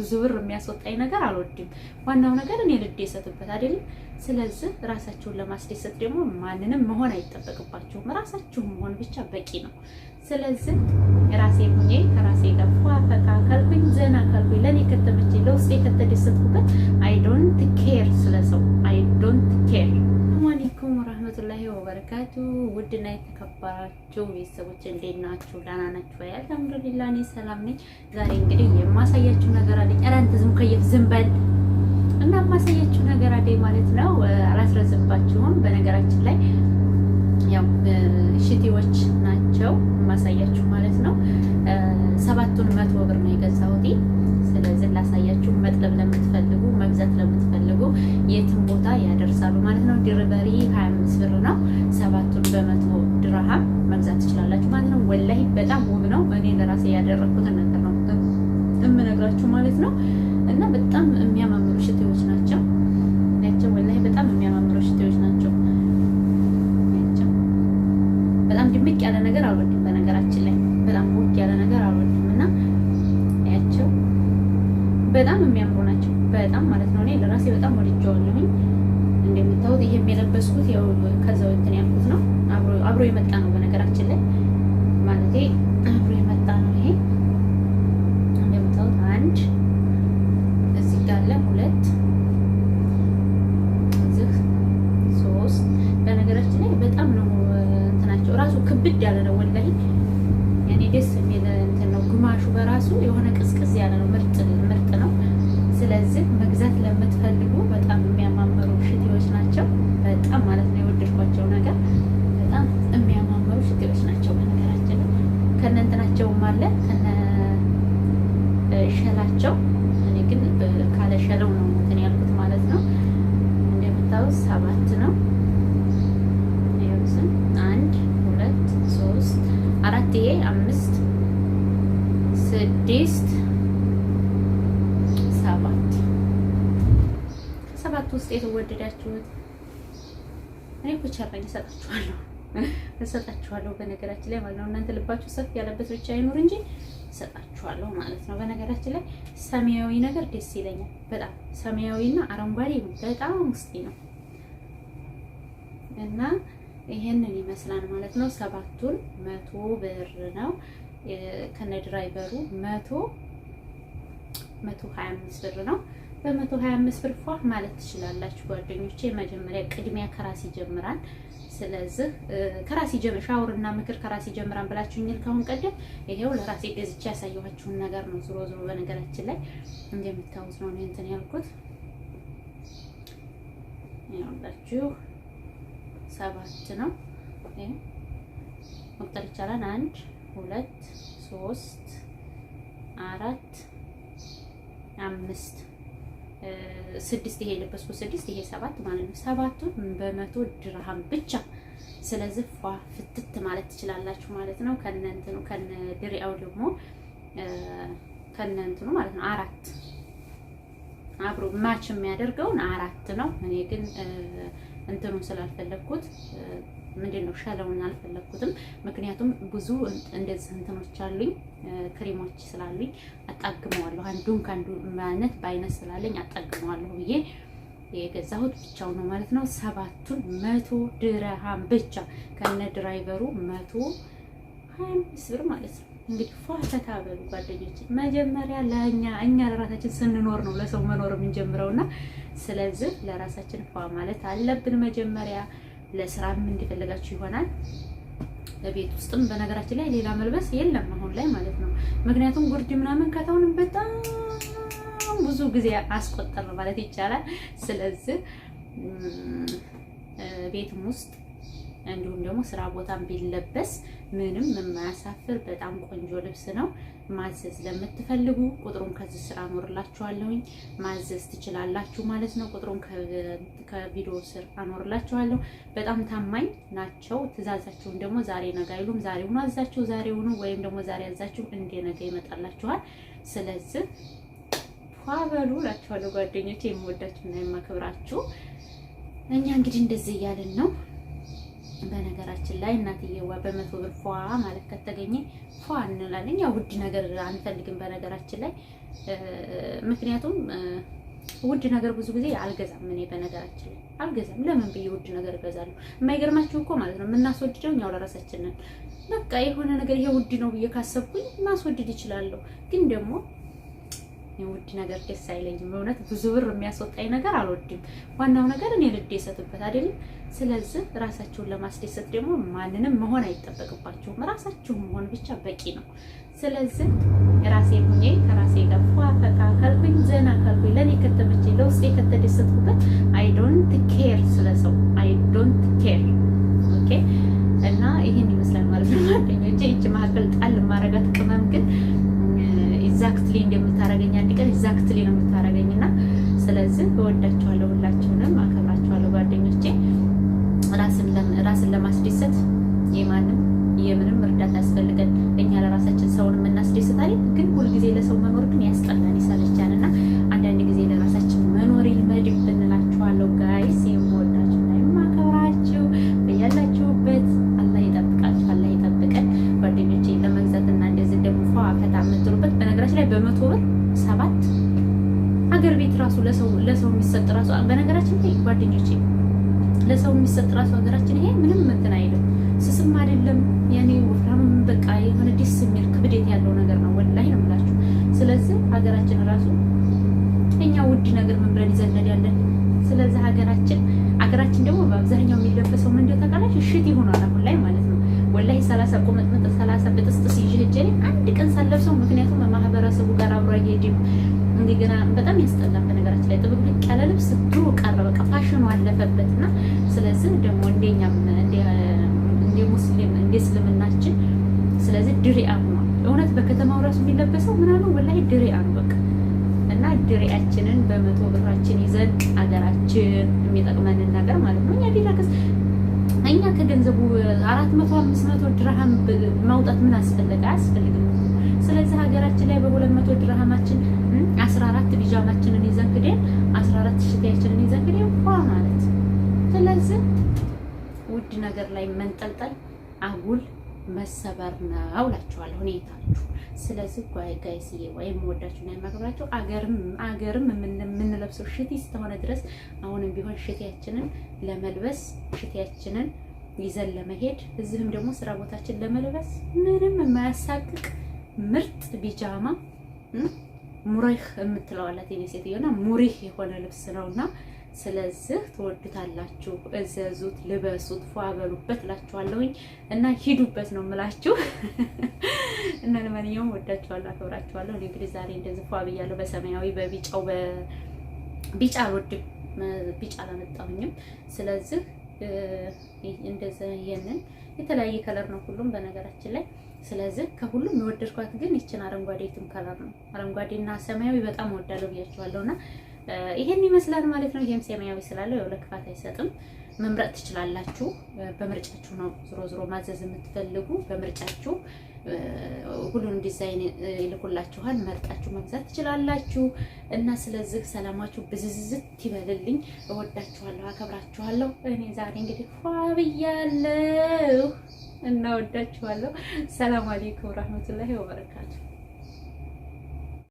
ብዙ ብር የሚያስወጣኝ ነገር አልወድም። ዋናው ነገር እኔ ልደሰትበት አይደለም። ስለዚህ ራሳችሁን ለማስደሰት ደግሞ ማንንም መሆን አይጠበቅባችሁም። ራሳችሁን መሆን ብቻ በቂ ነው። ስለዚህ ራሴ ሁኜ ከራሴ ጋር ፈታ ካልኩኝ፣ ዘና ካልኩኝ፣ ለእኔ ከተመቼ ለውስጤ ከተደሰትኩበት አይ ዶንት ኬር ስለሰው አይ ዶንት ኬር በረካቱ ውድና የተከበራችሁ ቤተሰቦች እንዴት ናችሁ? ደህና ናችሁ? አልሐምዱሊላ እኔ ሰላም ነኝ። ዛሬ እንግዲህ የማሳያችሁ ነገር አለኝ። ኧረ አንተ ዝም ከየፍ ዝም በል እና የማሳያችሁ ነገር አለኝ ማለት ነው። አላስረዝባችሁም። በነገራችን ላይ ያው ሽቲዎች ናቸው የማሳያችሁ ማለት ነው። ሰባቱን መቶ ብር ነው የገዛሁት ስለዚህ ላሳያችሁ። መጥለብ ለምትፈልጉ መግዛት ለምትፈልጉ የትም ቦታ ያደርሳሉ ማለት ነው። ድርበሪ 25 ብር ነው። ሰባቱን በመቶ ድርሃም መግዛት ትችላላችሁ ማለት ነው። ወላሂ በጣም ውብ ነው። እኔ ለራሴ ያደረግኩትን ነገር ነው የምነግራችሁ ማለት ነው። እና በጣም የሚያማምሩ ሽቴዎች ናቸው ናቸው። ወላሂ በጣም የሚያማምሩ ሽቴዎች ናቸው። በጣም ድምቅ ያለ ነገር አልወድም። በነገራችን ላይ በጣም ውቅ ያለ ነገር አልወድም። በጣም የሚያምሩ ናቸው። በጣም ማለት ነው እኔ ለራሴ በጣም ወድጀዋለሁኝ። እንደምታዩት ይሄም የለበስኩት ያው ከዛው እንትን ያልኩት ነው። አብሮ አብሮ የመጣ ነው በነገራችን ላይ ማለቴ አብሮ የመጣ ነው። ይሄ እንደምታዩት አንድ እዚህ ጋር አለ ሁለት እዚህ ሶስት። በነገራችን ላይ በጣም ነው እንትናቸው ራሱ ክብድ ያለ ነው ወላሂ፣ ያኔ ደስ የሚል እንትን ነው። ግማሹ በራሱ የሆነ ቅዝቅዝ ያለ ነው ምርጥ ስለዚህ መግዛት ለምትፈልጉ በጣም የሚያማምሩ ሽቲዎች ናቸው። በጣም ማለት ነው የወደድኳቸው ነገር በጣም የሚያማምሩ ሽቲዎች ናቸው። በነገራችን ከነ እንትናቸውም አለ ከነ ሸላቸው። እኔ ግን ካለ ሸለው ነው እንትን ያልኩት ማለት ነው። እንደምታዩት ሰባት ነው። ይኸውስን አንድ ሁለት ሶስት አራት ይሄ አምስት ስድስት ሰባት ከሰባት ውስጥ የተወደዳችሁት እኔ እኮ እሰጣችኋለሁ እሰጣችኋለሁ በነገራችን ላይ ማለት ነው። እናንተ ልባችሁ ሰፊ ያለበት ብቻ አይኖር እንጂ እሰጣችኋለሁ ማለት ነው። በነገራችን ላይ ሰማያዊ ነገር ደስ ይለኛል በጣም ሰማያዊና አረንጓዴ በጣም ውስጤ ነው እና ይሄንን ይመስላል ማለት ነው። ሰባቱን መቶ ብር ነው ከነ ድራይቨሩ መቶ 125 ብር ነው። በ125 ብር ፏ ማለት ትችላላችሁ ጓደኞቼ። መጀመሪያ ቅድሚያ ከራስ ይጀምራል። ስለዚህ ከራስ ይጀምር ሻወርና ምክር ከራስ ይጀምራል ብላችሁ እኛል ቀደም ይሄው ለራሴ ገዝቼ ያሳየኋችሁን ነገር ነው። ዝሮ ዝሮ በነገራችን ላይ እንደምታውቁት ነው እንትን ያልኩት ያውላችሁ ሰባት ነው። መቁጠር ይቻላል። አንድ ሁለት ሶስት አራት አምስት ስድስት ይሄ የለበስኩት ስድስት ይሄ ሰባት ማለት ነው። ሰባቱን በመቶ ድርሃም ብቻ። ስለዚህ ፏ ፍትት ማለት ትችላላችሁ ማለት ነው። ከነ እንትኑ ከነ ድሪያው ደግሞ ከነ እንትኑ ማለት ነው። አራት አብሮ ማች የሚያደርገውን አራት ነው። እኔ ግን እንትኑን ስላልፈለግኩት ምንድን ነው ሸለውን አልፈለግኩትም። ምክንያቱም ብዙ እንደዚህ እንትኖች አሉኝ፣ ክሬሞች ስላሉኝ አጣግመዋለሁ። አንዱን ከአንዱ ማነት በአይነት ስላለኝ አጣግመዋለሁ ብዬ የገዛሁት ብቻው ነው ማለት ነው። ሰባቱን መቶ ድረሃም ብቻ ከነ ድራይቨሩ መቶ ሀያ አምስት ብር ማለት ነው። እንግዲህ ፏፈታ በሉ ጓደኞች። መጀመሪያ ለእኛ እኛ ለራሳችን ስንኖር ነው ለሰው መኖር የምንጀምረው እና ስለዚህ ለራሳችን ፏ ማለት አለብን መጀመሪያ ለስራም እንደፈለጋችሁ ይሆናል። ለቤት ውስጥም በነገራችን ላይ ሌላ መልበስ የለም አሁን ላይ ማለት ነው። ምክንያቱም ጉርድ ምናምን ከተውንም በጣም ብዙ ጊዜ አስቆጠር ማለት ይቻላል። ስለዚህ ቤትም ውስጥ እንዲሁም ደግሞ ስራ ቦታም ቢለበስ ምንም የማያሳፍር በጣም ቆንጆ ልብስ ነው። ማዘዝ ለምትፈልጉ ቁጥሩን ከዚህ ስራ አኖርላችኋለሁኝ ማዘዝ ትችላላችሁ ማለት ነው። ቁጥሩን ከቪዲዮ ስር አኖርላችኋለሁ። በጣም ታማኝ ናቸው። ትእዛዛችሁን ደግሞ ዛሬ ነገ አይሉም። ዛሬውኑ አዛችሁ ሁኑ ወይም ደግሞ ዛሬ አዛችሁ እንዴ ነገ ይመጣላችኋል። ስለዚህ ፏበሉ እላችኋለሁ ጓደኞቼ፣ የምወዳችሁ የማከብራችሁ እኛ እንግዲህ እንደዚህ እያልን ነው በነገራችን ላይ እናትየዋ በመቶ ብር ፏ ማለት ከተገኘ ፏ እንላለን። ያው ውድ ነገር አንፈልግም በነገራችን ላይ ምክንያቱም ውድ ነገር ብዙ ጊዜ አልገዛም። እኔ በነገራችን ላይ አልገዛም። ለምን ብዬ ውድ ነገር እገዛለሁ? የማይገርማችሁ እኮ ማለት ነው የምናስወድደው እኛው ለራሳችን በቃ የሆነ ነገር ይሄ ውድ ነው ብዬ ካሰብኩኝ ማስወድድ ይችላለሁ፣ ግን ደግሞ ውድ ነገር ደስ አይለኝም። እውነት ብዙ ብር የሚያስወጣኝ ነገር አልወድም። ዋናው ነገር እኔ ልደሰትበት አይደለም። ስለዚህ ራሳችሁን ለማስደሰት ደግሞ ማንንም መሆን አይጠበቅባችሁም። ራሳችሁ መሆን ብቻ በቂ ነው። ስለዚህ ራሴ ሁኜ ከራሴ ጋር ፈታ ካልኩኝ፣ ዘና ካልኩኝ፣ ለእኔ ከተመቼ ለውስጤ ከተደሰትኩበት አይ የምታረገኝ አንድ ቀን ኤግዛክትሊ ነው የምታረገኝ እና ስለዚህ እወዳቸዋለሁ፣ ሁላችሁንም አከብራቸዋለሁ ጓደኞቼ። ራስን ለማስደሰት የማንም የምንም እርዳታ ያስፈልገን። እኛ ለራሳችን ሰውን የምናስደስት ግን ሁልጊዜ ለሰው መኖር ግን ያስቀናል፣ ይሰለቻል እና ለሰው የሚሰጥ ራሱ በነገራችን ላይ ጓደኞቼ ለሰው የሚሰጥ ራሱ ሀገራችን ይሄ ምንም እንትን አይልም። ስስም አይደለም የኔ ወፍራምም በቃ የሆነ ደስ የሚል ክብደት ያለው ነገር ነው። ወላሂ ነው የምላችሁ። ስለዚህ ሀገራችን ራሱ እኛ ውድ ነገር ምን ብለን ያለን። ስለዚህ ሀገራችን ሀገራችን ደግሞ በአብዛኛው የሚለበሰው ምንድን ተቃላች እሽት ይሆናል አሁን ላይ ማለት ወላሂ 30 ቁምጥምጥ ሰላሳ በጥስጥስ ይዤ ሂጅ አንድ ቀን ሳለብሰው ምክንያቱም በማህበረሰቡ ጋር አብሮ አይሄድም። እንዲህ ገና በጣም ያስጠላል። በነገራችን ላይ ጥብቅ ያለ ልብስ ድሮ ቀረ፣ በቃ ፋሽኑ አለፈበት እና ስለዚህ ደግሞ እንደኛም እንደ ሙስሊም እንደ እስልምናችን ስለዚህ ድሪያ ነው እውነት በከተማው ራሱ የሚለበሰው ምናምን ወላሂ ድሪያ ነው በቃ እና ድሪያችንን በመቶ ብራችን ይዘን አገራችን የሚጠቅመንን ነገር ማለት ነው እኛ ቢላከስ ገንዘቡ አራት መቶ አምስት መቶ ድርሃም ማውጣት ምን አስፈለገ? አያስፈልግም። ስለዚህ ሀገራችን ላይ በሁለት መቶ ድርሃማችን አስራ አራት ቢጃማችንን ይዘን ግዴን አስራ አራት ሽታያችንን ይዘን ግዴ እንኳ ማለት ስለዚህ ውድ ነገር ላይ መንጠልጠል አጉል መሰበር ነው እላችኋለሁ። ሁኔታችሁ ስለዚህ ጓይ ጋይ ሲዬ ወይም ወዳችሁ ነው የማከብራችሁ። አገርም አገርም የምንለብሰው ሽቲ ስለሆነ ድረስ አሁንም ቢሆን ሽቲያችንን ለመልበስ ሽቲያችንን ይዘን ለመሄድ እዚህም ደግሞ ስራ ቦታችን ለመልበስ ምንም የማያሳቅቅ ምርጥ ቢጃማ ሙሪህ የምትለዋላት የኔ ሴትዮና ሙሪህ የሆነ ልብስ ነውና ስለዚህ ትወዱታላችሁ። እዘዙት፣ ልበሱት፣ ፏበሉበት እላችኋለሁኝ እና ሂዱበት ነው የምላችሁ። እና ለማንኛውም ወዳችኋለሁ፣ አከብራችኋለሁ። እንግዲህ ዛሬ እንደዚህ ፏ ብያለሁ። በሰማያዊ በቢጫው በቢጫ አልወድም፣ ቢጫ አላመጣሁኝም። ስለዚህ እንደዚህ ይሄንን የተለያየ ከለር ነው ሁሉም በነገራችን ላይ ስለዚህ ከሁሉም የወደድኳት ግን ይችን አረንጓዴ ቱን ከለር ነው። አረንጓዴና ሰማያዊ በጣም ወዳለሁ ብያችኋለሁ እና ይሄን ይመስላል ማለት ነው። ይሄም ሰማያዊ ስላለው ያው ለክፋት አይሰጥም። መምረጥ ትችላላችሁ። በምርጫችሁ ነው ዝሮ ዝሮ ማዘዝ የምትፈልጉ በምርጫችሁ ሁሉንም ዲዛይን ይልኩላችኋል፣ መርጣችሁ መግዛት ትችላላችሁ። እና ስለዚህ ሰላማችሁ ብዝዝት ይበልልኝ። እወዳችኋለሁ፣ አከብራችኋለሁ። እኔ ዛሬ እንግዲህ ፏብያለሁ እና እወዳችኋለሁ። ሰላም አሌይኩም ረህመቱላሂ ወበረካቱሁ።